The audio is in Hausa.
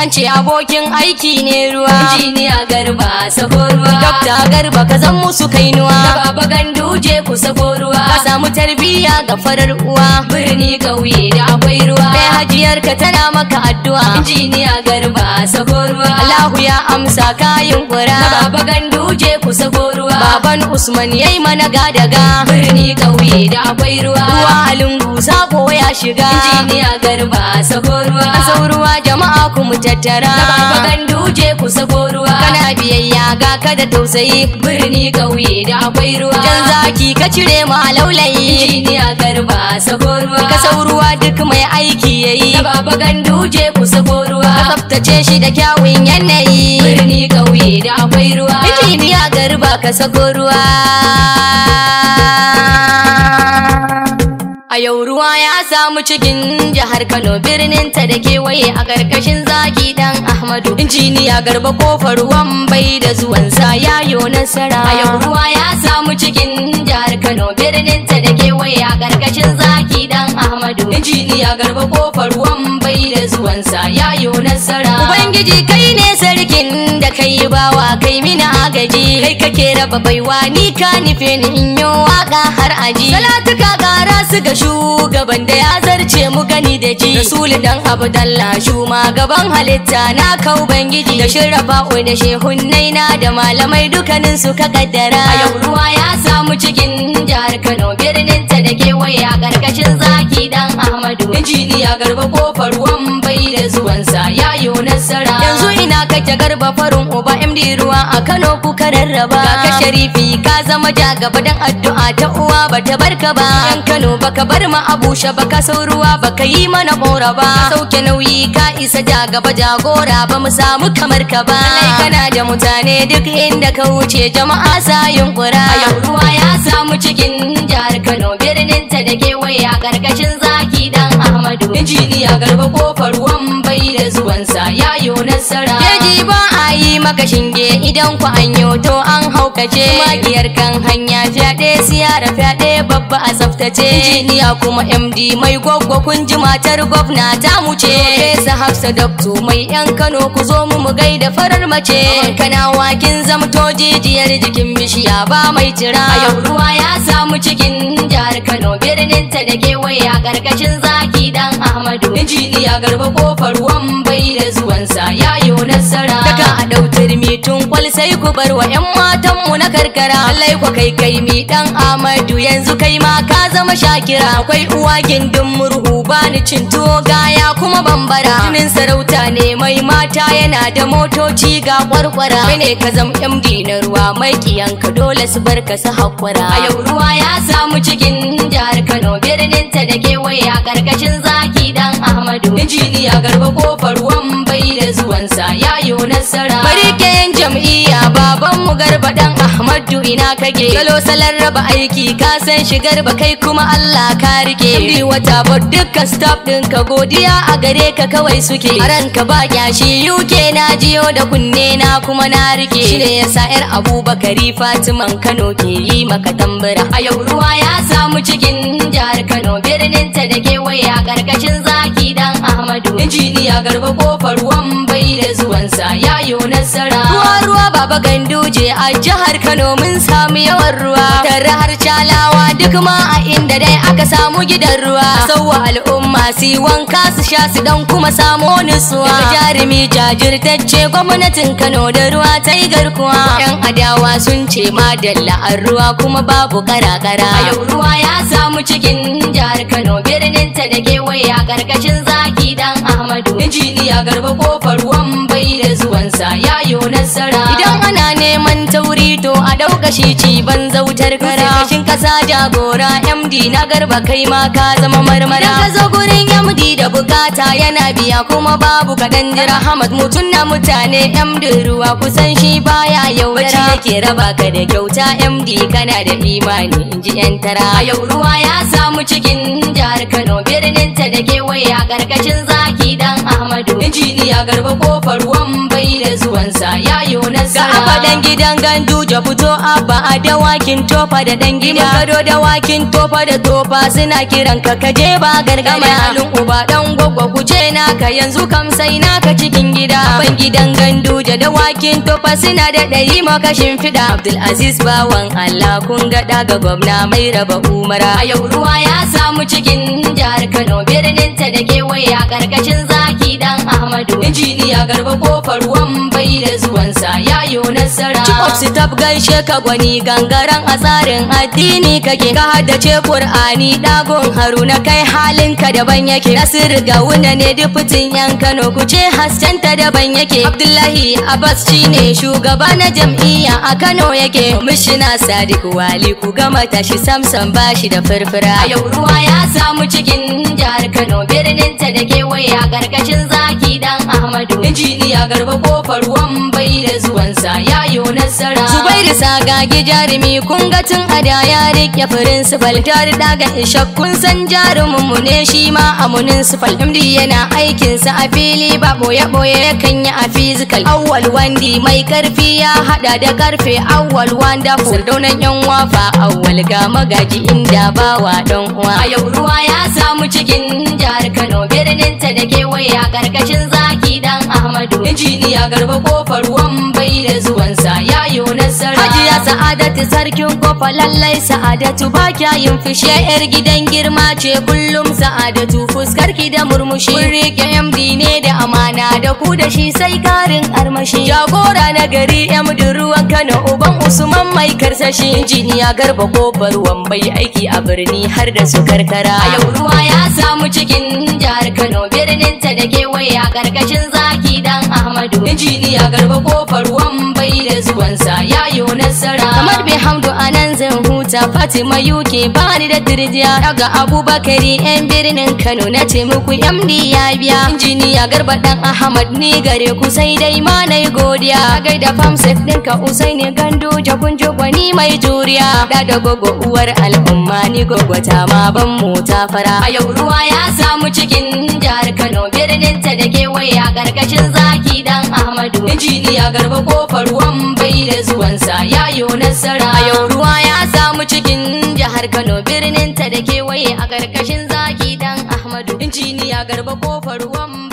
an ce abokin aiki ne ruwa injiniya garba sako ruwa dokta garba ka zan musu kainuwa da baba ganduje ku sako ruwa ka samu tarbiyya ga farar uwa birni kauye da akwai ruwa kai hajiyar ka tana maka addu'a injiniya garba sako ruwa Allahu ya amsa kayin kura da baba ganduje Usman yayi mana gadaga birni kauye da akwai ruwa ruwa alungu sako ya shiga injiniya garba sako ruwa sako ruwa jama'a ku mu tattara babakan duje ku sako ruwa kana biyayya ga ka da tausayi birni kauye da akwai ruwa jan zaki ka cire mu laulayi. injiniya garba sako ruwa ka sau ruwa duk mai aiki yayi babakan duje ku sako tsaftace shi da kyawun yanayi birni kauye da akwai ruwa injiniya garba ka sako ruwa a yau ruwa ya samu cikin jihar kano birnin ta da kewaye a karkashin zaki dan ahmadu injiniya garba kofar ruwan bai da zuwansa yayo nasara a yau ruwa ya samu cikin jihar kano birnin ta da kewaye a karkashin zaki dan ahmadu injiniya garba kofar da zuwansa ya yi nasara ubangiji kai ne sarkin da kai bawa kai mini agaji kai kake raba baiwa ni ka nufe ni in yi waka har aji salatuka gara su ga shugaban da ya zarce mu gani da ji rasulu dan abdalla gaban halitta na ka ubangiji da shirrafa'u da shehunnai na da malamai dukanin su ka kaddara a yau ruwa ya samu cikin jihar kano birnin ta da kewaye a karkashin zaki dan ahmadu injiniya garba kofar ruwan alfahari da zuwansa ya yi nasara yanzu ina kake garba farin uba md ruwa a kano kuka rarraba ka sharifi ka zama ja gaba dan addu'a ta uwa bata barka ba yan kano baka bar mu abusha baka sau ruwa baka yi mana bora ba sauke nauyi ka isa ja gaba jagora ba mu samu kamar ka ba kana da mutane duk inda ka wuce jama'a sa yunkura a yau ruwa ya samu cikin jihar kano birnin ta da kewaye a karkashin zaki dan ahmadu injiniya garba kofar ruwa bai da zuwansa nasara yaji ba a yi maka shinge idan ku an to an haukace magiyar kan hanya fyaɗe siyara fyaɗe babba a tsaftace injiniya kuma md mai gwaggwa kun ji matar gwabna ta muce ce hafsa dakto mai yan kano ku zo mu mu gaida farar mace kanawa kin zamto jijiyar jikin bishiya ba mai tira a ruwa ya samu cikin jihar kano birnin ta da kewaye a karkashin zaki dan ahmadu injiniya garba kofar ruwan bai da zuwansa yayo nasara daga a dautar tun kwal sai ku bar wa yan matan mu na karkara Allah ku kai kai mi dan Amadu yanzu kai ma ka zama shakira akwai uwa gindin murhu bani cin tuwo gaya kuma bambara tunin sarauta ne mai mata yana da motoci ga kwarkwara kai ne ka zama 'yan na ruwa mai ka dole su barka su hakura a yau ruwa ya samu cikin jihar Kano birnin ta da kewaye a karkashin zaki da Muhammadu garba kofar bai da zuwansa yayo nasara jam'iyya baban garba dan Ahmadu ina kake. galo salar raba aiki ka san shi garba kai kuma Allah ka rike ni wata ba dukkan staff din ka godiya a gare ka kawai suke aran ka ba kyashi UK na jiyo da kunne na kuma na rike shi ne ya sa yar Abubakari Fatiman Kano ke yi maka tambura a yau ruwa ya samu cikin jihar Kano birnin ta da kewaye a karkashin Amadu injiniya garba kofar ruwan bai da zuwansa yayo nasara ruwa ruwa baba ganduje a jihar Kano mun samu yawan ruwa tare har calawa duk ma a inda dai aka samu gidan ruwa sauwa al'umma su wanka su sha su dan kuma samo nutsuwa jarumi jajirtacce gwamnatin Kano da ruwa ta yi garkuwa yan adawa sun ce madalla an ruwa kuma babu karakara yau ruwa ya samu cikin jihar Kano birnin ta da kewaye a karkashin za amadu. Ahmadu injiniya garba kofar koyi da zuwansa yayo nasara idan ana neman tauri to a dauka shi ciban zautar kara kashin kasa jagora md na garba kai ma ka zama marmara ka zo gurin md da bukata yana biya kuma babu kadan jira hamad mutum na mutane md ruwa kusan shi baya yaudara bacci yake raba ka da kyauta md kana da imani inji yan tara a yau ruwa ya samu cikin jihar kano birnin ta da kewaye a karkashin zaki dan ahmadu injiniya garba kofar from masoyi da zuwansa ya yi nasa ga abadan gidan gandu ja fito abba a dawakin tofa da dan gida gado dawakin tofa da tofa suna kiran ka ka je ba gargada halin uba dan gwaggwa kuje naka yanzu kam sai naka cikin gida aban gidan gandu ja dawakin tofa suna da ɗari makashin fida abdul aziz bawan allah kun ga ga gwamna mai raba umara a yau ruwa ya samu cikin jihar kano birnin ta da kewaye a karkashin zaki dan ahmadu injiniya garba kofar wamba wai da zuwansa yayo nasara Chief Stop gaishe ka gwani gangaren a tsarin addini kake ka haddace Kur'ani? dagon Haruna kai halinka daban yake Nasir ga wuna ne dufutin yan Kano ku ce haskenta daban yake Abdullahi Abbas shine shugaba na jam'iyya a Kano yake Mishina Sadiq Wali ku gama tashi samsam bashi da firfira A yau ruwa ya samu cikin jihar Kano birninta da kewaye a karkashin zaki dan Ahmadu Injiniya garba kofar ruwan bai da zuwansa ya yi nasara zubairu sagage jarumi kun ga tun a da ya rike firinsifal ta rida ga ishakkun san jarumin mu ne shi ma a munisipal md yana aikinsa a fili ba boye boye yakan yi a fizikal awwal wandi mai karfi ya hada da karfe awwal wanda sardaunan yan wafa awwal ga magaji inda bawa dan uwa a yau ruwa ya samu cikin jihar kano birnin ta da kewaye a karkashin zaki dan a Ahmadu injiniya garba kofar ruwan bai da zuwansa, ya yayo nasara Hajiya Sa'adatu sarkin kofa lallai Sa'adatu ba kya yin fishe yar gidan girma ce kullum Sa'adatu fuskar ki da murmushi kun rike MD ne da amana da ku da shi sai karin armashi jagora na gari MD ruwan Kano uban Usman mai karsashi injiniya garba kofar ruwan bai aiki a birni har da su karkara yau ruwa ya samu cikin jihar Kano birnin ta da kewaye a karkashin za Muhammadu injiniya garba kofar wan bai da zuwansa yayo nasara Kamar bai hamdu da fatima uk bani da turjiya daga abubakari yan birnin kano na ce muku md ya biya injiniya garba dan ahmad ni gare ku sai dai ma na godiya gaida famsek ɗinka Usaini ne gando jagun jogwani mai juriya da da gogo uwar al'umma ni gogota ma ban mota fara a yau ruwa ya samu cikin jihar kano birnin ta da kewaye a karkashin zaki dan ahmadu injiniya garba kofar ruwan bai da zuwansa yayo nasara a yau ruwa jihar Kano birnin ta da kewaye a ƙarƙashin zaki dan Ahmadu injiniya garba kofar wamba